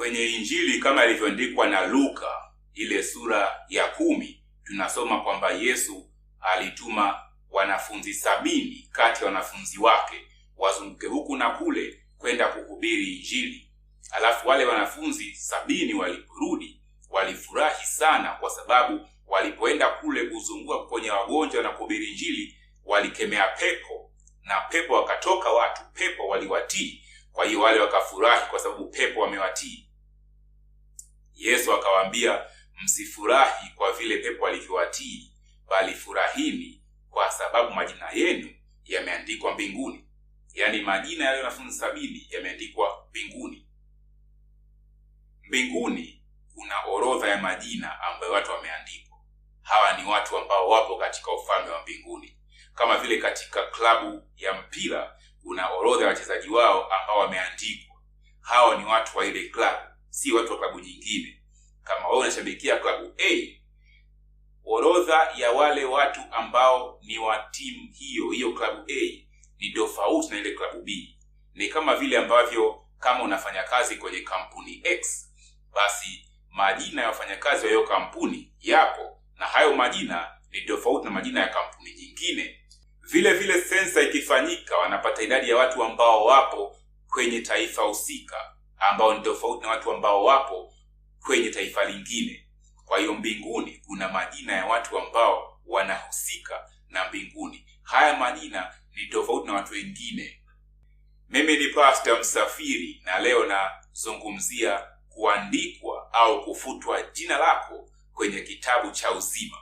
Kwenye Injili kama ilivyoandikwa na Luka ile sura ya kumi tunasoma kwamba Yesu alituma wanafunzi sabini kati ya wanafunzi wake wazunguke huku na kule kwenda kuhubiri Injili. Alafu wale wanafunzi sabini waliporudi walifurahi sana, kwa sababu walipoenda kule kuzunguka kwenye wagonjwa na kuhubiri Injili walikemea pepo na pepo wakatoka watu, pepo waliwatii. Kwa hiyo wale wakafurahi kwa sababu pepo wamewatii. Yesu akawaambia, msifurahi kwa vile pepo alivyowatii, bali furahini kwa sababu majina yenu yameandikwa mbinguni. Yaani majina yale wanafunzi sabini yameandikwa mbinguni. Mbinguni kuna orodha ya majina ambayo watu wameandikwa. Hawa ni watu ambao wapo katika ufalme wa mbinguni, kama vile katika klabu ya mpira kuna orodha ya wachezaji wao ambao wameandikwa. hawa ni watu wa ile klabu si watu wa klabu nyingine. Kama wewe unashabikia klabu A, orodha ya wale watu ambao ni wa timu hiyo hiyo klabu A ni tofauti na ile klabu B. Ni kama vile ambavyo kama unafanya kazi kwenye kampuni X, basi majina ya wafanyakazi wa hiyo kampuni yapo na hayo majina ni tofauti na majina ya kampuni nyingine. Vile vile sensa ikifanyika, wanapata idadi ya watu ambao wapo kwenye taifa husika ambao ni tofauti na watu ambao wapo kwenye taifa lingine. Kwa hiyo mbinguni kuna majina ya watu ambao wanahusika na mbinguni. Haya majina ni tofauti na watu wengine. Mimi ni Pasta Msafiri na leo nazungumzia kuandikwa au kufutwa jina lako kwenye kitabu cha uzima.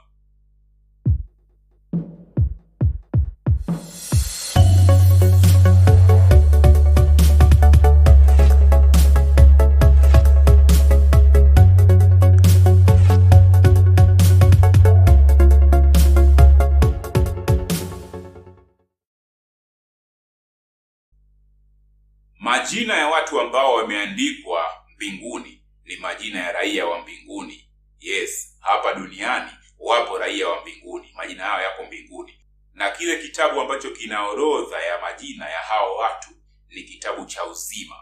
Majina ya watu ambao wameandikwa mbinguni ni majina ya raia wa mbinguni. Yes, hapa duniani wapo raia wa mbinguni, majina yao yako mbinguni, na kile kitabu ambacho kinaorodha ya majina ya hao watu ni kitabu cha uzima.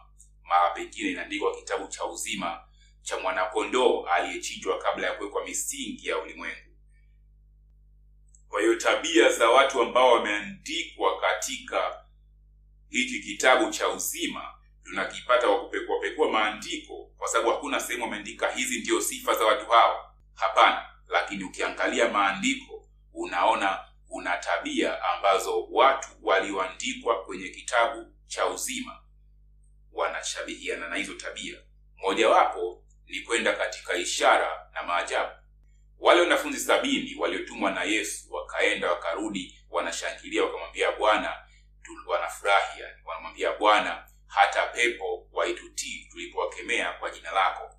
Mara pengine inaandikwa kitabu cha uzima cha mwanakondoo aliyechinjwa kabla ya kuwekwa misingi ya ulimwengu. Kwa hiyo tabia za watu ambao wameandikwa katika hiki kitabu cha uzima tunakipata kwa kupekuapekua maandiko, kwa sababu hakuna sehemu ameandika hizi ndiyo sifa za watu hawa. Hapana, lakini ukiangalia maandiko unaona kuna tabia ambazo watu walioandikwa kwenye kitabu cha uzima wanashabihiana na hizo tabia. Mojawapo ni kwenda katika ishara na maajabu. Wale wanafunzi sabini waliotumwa na Yesu wakaenda wakarudi, wanashangilia, wakamwambia Bwana, wanafurahi, wanamwambia Bwana hata pepo waitutii tulipowakemea kwa jina lako.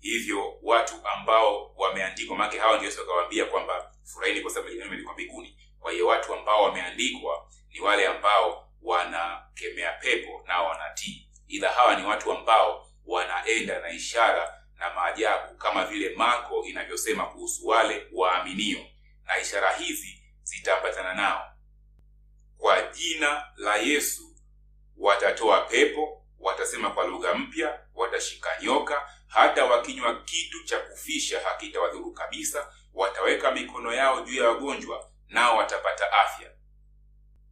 Hivyo watu ambao wameandikwa, maana hawa ndio wakawaambia kwamba furahini kwa sababu jina lako mbinguni. Kwa hiyo watu ambao wameandikwa ni wale ambao wanakemea pepo nao wanatii, ila hawa ni watu ambao wanaenda na ishara na maajabu, kama vile Marko inavyosema kuhusu wale waaminio, na ishara hizi zitaambatana nao. Kwa jina la Yesu watatoa pepo, watasema kwa lugha mpya, watashika nyoka, hata wakinywa kitu cha kufisha hakitawadhuru kabisa, wataweka mikono yao juu ya wagonjwa nao watapata afya.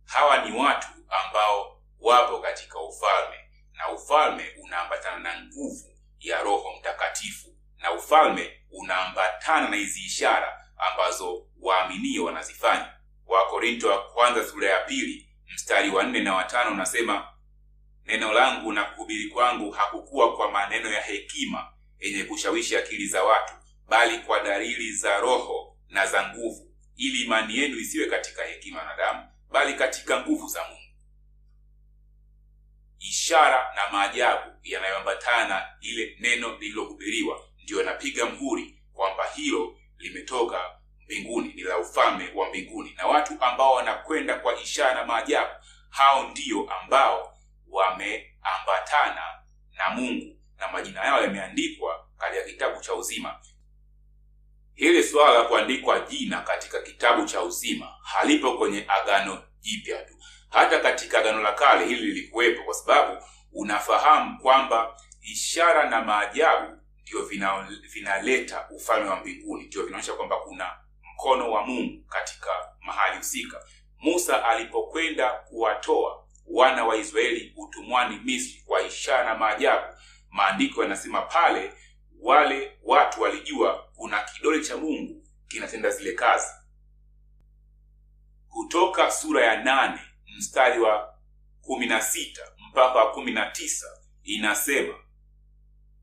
Hawa ni watu ambao wapo katika ufalme, na ufalme unaambatana na nguvu ya Roho Mtakatifu, na ufalme unaambatana na hizi ishara ambazo waaminio wanazifanya. Wakorinto wa kwanza sura ya pili mstari wa nne na watano unasema neno langu na kuhubiri kwangu hakukuwa kwa maneno ya hekima yenye kushawishi akili za watu, bali kwa dalili za Roho na za nguvu, ili imani yenu isiwe katika hekima na damu, bali katika nguvu za Mungu. Ishara na maajabu yanayoambatana ile neno lililohubiriwa ndiyo yanapiga mhuri kwamba hilo limetoka mbinguni, ni la ufalme wa mbinguni, na watu ambao wanakwenda kwa ishara na maajabu, hao ndiyo ambao wameambatana na Mungu na majina yao yameandikwa katika kitabu cha uzima. Hili swala la kuandikwa jina katika kitabu cha uzima halipo kwenye Agano Jipya tu, hata katika Agano la Kale hili lilikuwepo, kwa sababu unafahamu kwamba ishara na maajabu ndio vinaleta vina ufalme wa mbinguni, ndio vinaonyesha kwamba kuna mkono wa Mungu katika mahali husika. Musa alipokwenda kuwatoa wana wa Israeli utumwani Misri kwa ishara na maajabu. Maandiko yanasema pale wale watu walijua kuna kidole cha Mungu kinatenda zile kazi. Kutoka sura ya nane mstari wa kumi na sita mpaka wa kumi na tisa inasema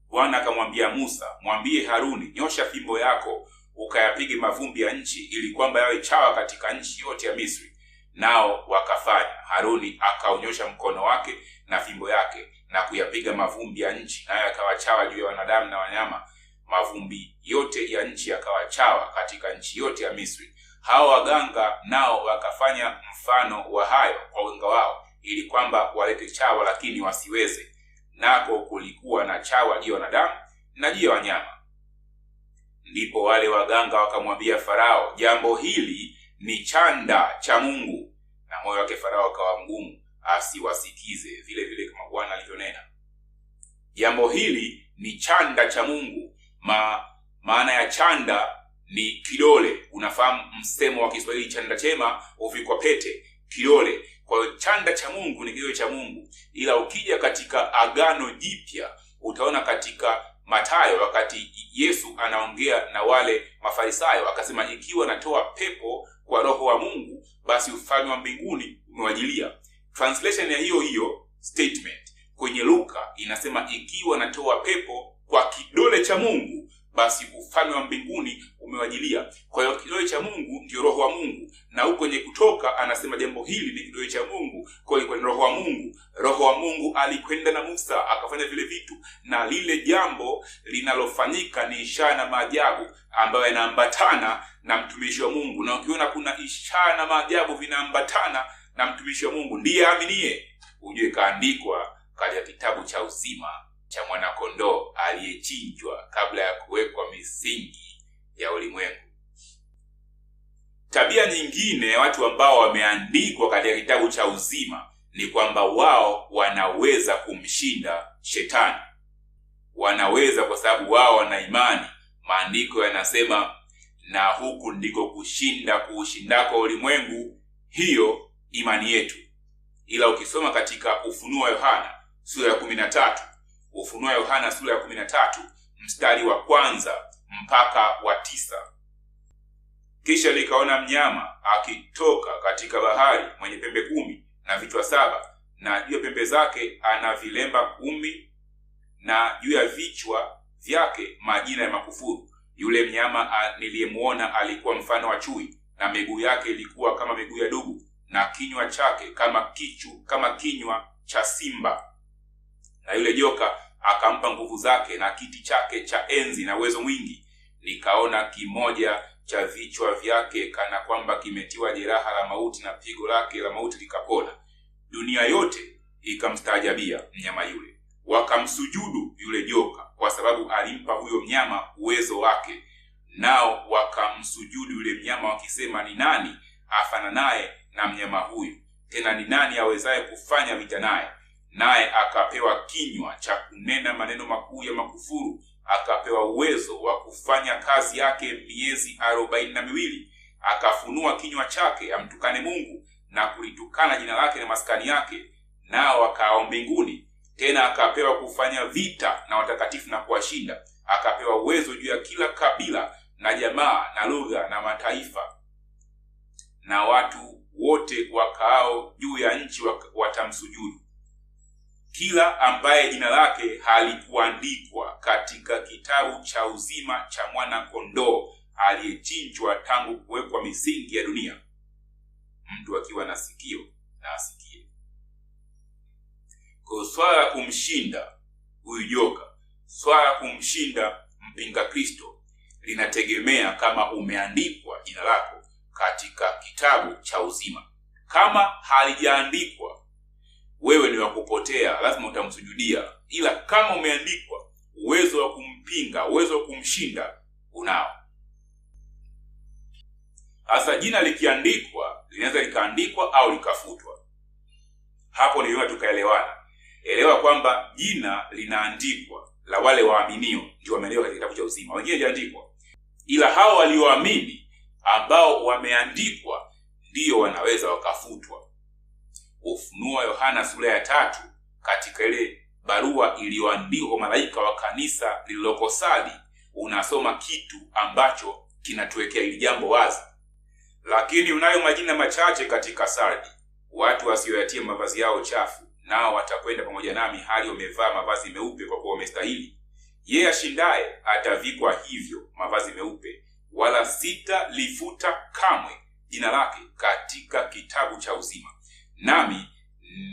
Bwana akamwambia Musa, mwambie Haruni, nyosha fimbo yako ukayapige mavumbi ya nchi, ili kwamba yawe chawa katika nchi yote ya Misri nao wakafanya. Haruni akaonyosha mkono wake na fimbo yake na kuyapiga mavumbi ya nchi, nayo yakawachawa juu ya wanadamu na wanyama, mavumbi yote ya nchi yakawachawa katika nchi yote ya Misri. Hao waganga nao wakafanya mfano wa hayo kwa wenga wao, ili kwamba walete chawa, lakini wasiweze. Nako kulikuwa na chawa juu ya wanadamu na juu ya wanyama. Ndipo wale waganga wakamwambia Farao, jambo hili ni chanda cha Mungu, na moyo wake Farao akawa mgumu asiwasikize, vile vile kama Bwana alivyonena. Jambo hili ni chanda cha Mungu. Ma, maana ya chanda ni kidole. Unafahamu msemo wa Kiswahili chanda chema uvikwa pete, kidole. Kwa hiyo chanda cha Mungu ni kidole cha Mungu, ila ukija katika Agano Jipya utaona katika matayo wakati Yesu anaongea na wale Mafarisayo akasema, ikiwa natoa pepo kwa roho wa Mungu, basi ufalme wa mbinguni umewajilia. Translation ya hiyo hiyo statement kwenye Luka inasema, ikiwa natoa pepo kwa kidole cha Mungu basi ufalme wa mbinguni umewajilia. Kwa hiyo kidole cha Mungu ndio roho wa Mungu, na huko kwenye Kutoka anasema jambo hili ni kidole cha Mungu, kwa hiyo ni roho wa Mungu. Roho wa Mungu alikwenda na Musa akafanya vile vitu, na lile jambo linalofanyika ni ishara na maajabu ambayo yanaambatana na mtumishi wa Mungu. Na ukiona kuna ishara na maajabu vinaambatana na mtumishi wa Mungu, ndiye aaminie, ujue kaandikwa katika kitabu cha uzima cha mwanakondoo aliyechinjwa kabla ya kuwekwa misingi ya ulimwengu. Tabia nyingine watu ambao wameandikwa katika kitabu cha uzima ni kwamba wao wanaweza kumshinda Shetani. Wanaweza kwa sababu wao wana imani. Maandiko yanasema, na huku ndiko kushinda kuushindako ulimwengu, hiyo imani yetu. Ila ukisoma katika Ufunuo wa Yohana sura ya kumi na tatu Ufunua Yohana sura ya 13 mstari wa kwanza mpaka wa tisa. Kisha likaona mnyama akitoka katika bahari mwenye pembe kumi na vichwa saba, na juu ya pembe zake ana vilemba kumi, na juu ya vichwa vyake majina ya makufuru. Yule mnyama niliyemuona alikuwa mfano wa chui, na miguu yake ilikuwa kama miguu ya dubu, na kinywa chake kama kichu kama kinywa cha simba na yule joka akampa nguvu zake na kiti chake cha enzi na uwezo mwingi. Nikaona kimoja cha vichwa vyake kana kwamba kimetiwa jeraha la mauti, na pigo lake la mauti likapona. Dunia yote ikamstaajabia mnyama yule, wakamsujudu yule joka, kwa sababu alimpa huyo mnyama uwezo wake. Nao wakamsujudu yule mnyama wakisema, ni nani afana naye na mnyama huyu? Tena ni nani awezaye kufanya vita naye? naye akapewa kinywa cha kunena maneno makuu ya makufuru, akapewa uwezo wa kufanya kazi yake miezi arobaini na miwili. Akafunua kinywa chake amtukane Mungu na kulitukana jina lake na maskani yake, nao akaao mbinguni. Tena akapewa kufanya vita na watakatifu na kuwashinda. Akapewa uwezo juu ya kila kabila na jamaa na lugha na mataifa, na watu wote wakaao juu ya nchi watamsujudu kila ambaye jina lake halikuandikwa katika kitabu cha uzima cha mwana-kondoo aliyechinjwa tangu kuwekwa misingi ya dunia. Mtu akiwa na sikio na asikie. Kwa swala la kumshinda huyu joka, swala la kumshinda mpinga Kristo linategemea kama umeandikwa jina lako katika kitabu cha uzima. Kama halijaandikwa wewe ni wakupotea lazima utamsujudia. Ila kama umeandikwa, uwezo wa kumpinga, uwezo wa kumshinda unao. Sasa jina likiandikwa, linaweza likaandikwa au likafutwa. Hapo niliona tukaelewana. Elewa kwamba jina linaandikwa la wale waaminio, ndio wameelewa katika kitabu cha uzima, wengine liandikwa, ila hao walioamini ambao wameandikwa ndiyo wanaweza wakafutwa. Ufunuo Yohana sura ya tatu katika ile barua iliyoandikwa malaika wa kanisa lililokosali unasoma kitu ambacho kinatuwekea hili jambo wazi. Lakini unayo majina machache katika Sardi, watu wasioyatia mavazi yao chafu, nao watakwenda pamoja nami hali wamevaa mavazi meupe, kwa kuwa wamestahili. Yeye ashindaye atavikwa hivyo mavazi meupe, wala sitalifuta kamwe jina lake katika kitabu cha uzima nami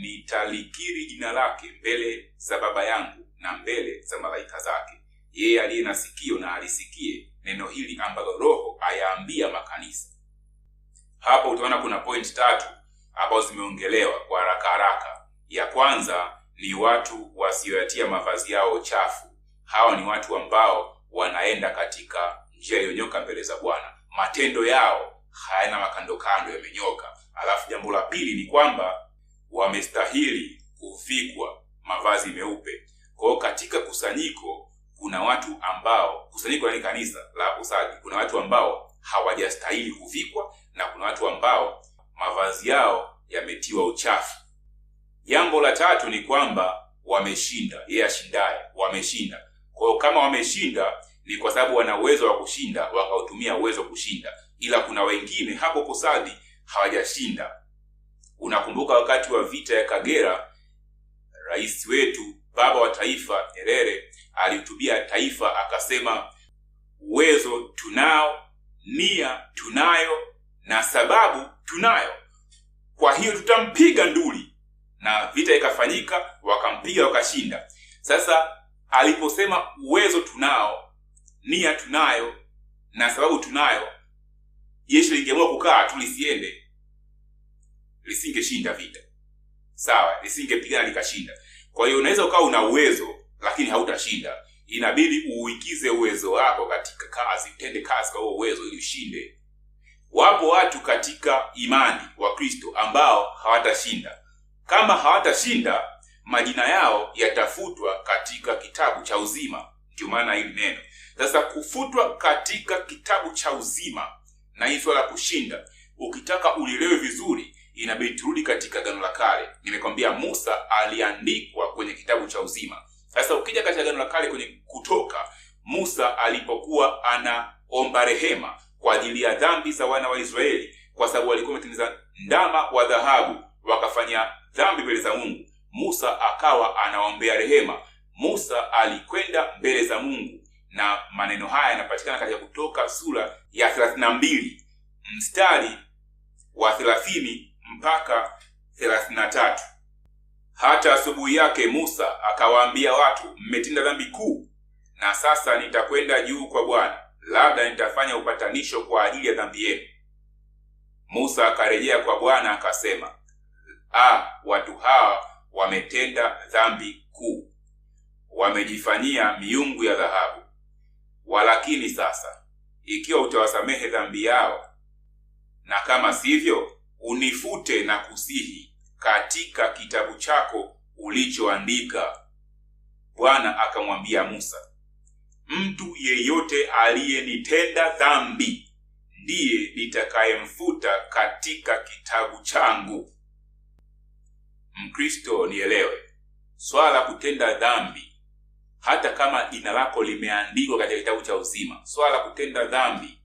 nitalikiri jina lake mbele za Baba yangu na mbele za malaika zake. Yeye aliye na sikio na alisikie neno hili ambalo Roho ayaambia makanisa. Hapo utaona kuna point tatu ambazo zimeongelewa kwa haraka haraka. Ya kwanza ni watu wasioyatia mavazi yao chafu. Hawa ni watu ambao wanaenda katika njia iliyonyoka mbele za Bwana. Matendo yao hayana makandokando, yamenyoka. Alafu jambo la pili ni kwamba wamestahili kuvikwa mavazi meupe. Kwa hiyo katika kusanyiko kuna watu ambao, kusanyiko la kanisa la usali, kuna watu ambao hawajastahili kuvikwa na kuna watu ambao mavazi yao yametiwa uchafu. Jambo la tatu ni kwamba wameshinda, yeye ashindaye, wameshinda. Kwa hiyo kama wameshinda ni kwa sababu wana uwezo wa kushinda, wakautumia uwezo kushinda, ila kuna wengine hapo kusadi hawajashinda. Unakumbuka wakati wa vita ya Kagera, rais wetu baba wa taifa Nyerere alihutubia taifa akasema, uwezo tunao, nia tunayo na sababu tunayo, kwa hiyo tutampiga nduli. Na vita ikafanyika, wakampiga wakashinda. Sasa aliposema uwezo tunao, nia tunayo na sababu tunayo, jeshi lingeamua kukaa tulisiende lisingeshinda vita, sawa, lisingepigana likashinda. Kwa hiyo unaweza ukawa una uwezo lakini hautashinda, inabidi uingize uwezo wako katika kazi, utende kazi kwa huo uwezo ili ushinde. Wapo watu katika imani wa Kristo ambao hawatashinda. Kama hawatashinda, majina yao yatafutwa katika kitabu cha uzima. Ndio maana hili neno sasa, kufutwa katika kitabu cha uzima na hii swala kushinda, ukitaka ulielewe vizuri, inabidi turudi katika gano la Kale. Nimekwambia Musa aliandikwa kwenye kitabu cha uzima. Sasa ukija katika gano la Kale kwenye Kutoka, Musa alipokuwa anaomba rehema kwa ajili ya dhambi za wana wa Israeli, kwa sababu walikuwa wametengeneza ndama wa dhahabu wakafanya dhambi mbele za Mungu, Musa akawa anaombea rehema. Musa alikwenda mbele za Mungu, na maneno haya yanapatikana katika Kutoka sura ya 32 mstari wa mpaka tatu. Hata asubuhi yake Musa akawaambia watu, mmetenda dhambi kuu, na sasa nitakwenda juu kwa Bwana, labda nitafanya upatanisho kwa ajili ya dhambi yenu. Musa akarejea kwa Bwana akasema, ah, watu hawa wametenda dhambi kuu, wamejifanyia miungu ya dhahabu. Walakini sasa, ikiwa utawasamehe dhambi yao, na kama sivyo unifute na kusihi katika kitabu chako ulichoandika. Bwana akamwambia Musa, mtu yeyote aliyenitenda dhambi ndiye nitakayemfuta katika kitabu changu. Mkristo, nielewe swala la kutenda dhambi, hata kama jina lako limeandikwa katika kitabu cha uzima, swala la kutenda dhambi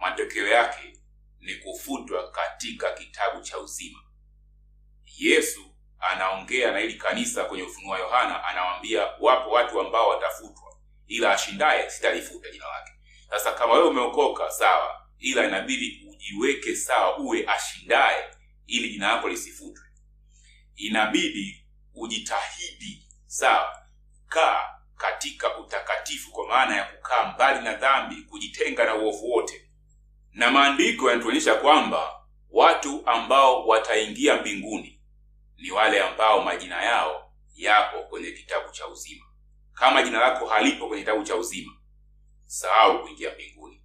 matokeo yake ni kufutwa katika kitabu cha uzima. Yesu anaongea na ili kanisa kwenye Ufunuo wa Yohana, anawaambia wapo watu ambao watafutwa, ila ashindaye sitalifuta jina lake. Sasa kama wewe umeokoka sawa, ila inabidi ujiweke sawa, uwe ashindaye ili jina lako lisifutwe. Inabidi ujitahidi sawa, kukaa katika utakatifu, kwa maana ya kukaa mbali na dhambi, kujitenga na uovu wote na maandiko yanatuonyesha kwamba watu ambao wataingia mbinguni ni wale ambao majina yao yapo kwenye kitabu cha uzima. Kama jina lako halipo kwenye kitabu cha uzima, sahau kuingia mbinguni.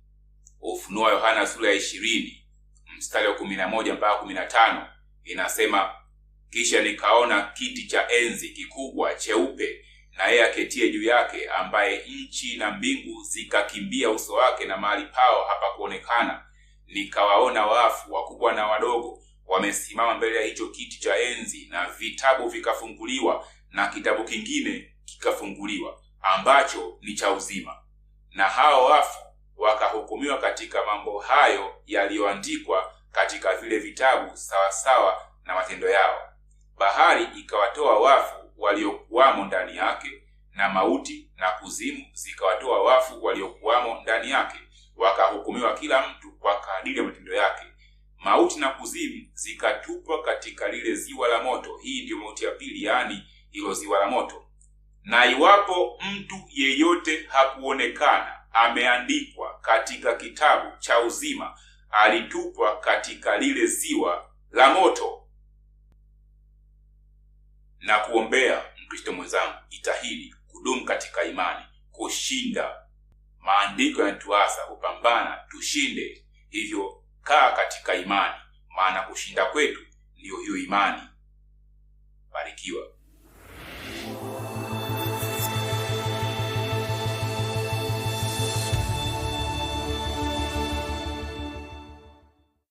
Ufunua Yohana sura ya 20 mstari wa 11 mpaka 15 inasema kisha nikaona kiti cha enzi kikubwa cheupe na yeye aketie juu yake, ambaye nchi na mbingu zikakimbia uso wake, na mahali pao hapakuonekana. Nikawaona wafu wakubwa na wadogo wamesimama mbele ya hicho kiti cha enzi, na vitabu vikafunguliwa, na kitabu kingine kikafunguliwa, ambacho ni cha uzima, na hao wafu wakahukumiwa katika mambo hayo yaliyoandikwa katika vile vitabu, sawasawa na matendo yao. Bahari ikawatoa wafu waliokuwamo ndani yake, na mauti na kuzimu zikawatoa wafu waliokuwamo ndani yake, wakahukumiwa kila mtu kwa kadiri ya matendo yake. Mauti na kuzimu zikatupwa katika lile ziwa la moto. Hii ndiyo mauti ya pili, yaani hilo ziwa la moto. Na iwapo mtu yeyote hakuonekana ameandikwa katika kitabu cha uzima, alitupwa katika lile ziwa la moto na kuombea mkristo mwenzangu, jitahidi kudumu katika imani, kushinda. Maandiko yanatuasa kupambana tushinde, hivyo kaa katika imani, maana kushinda kwetu ndiyo hiyo imani. Barikiwa.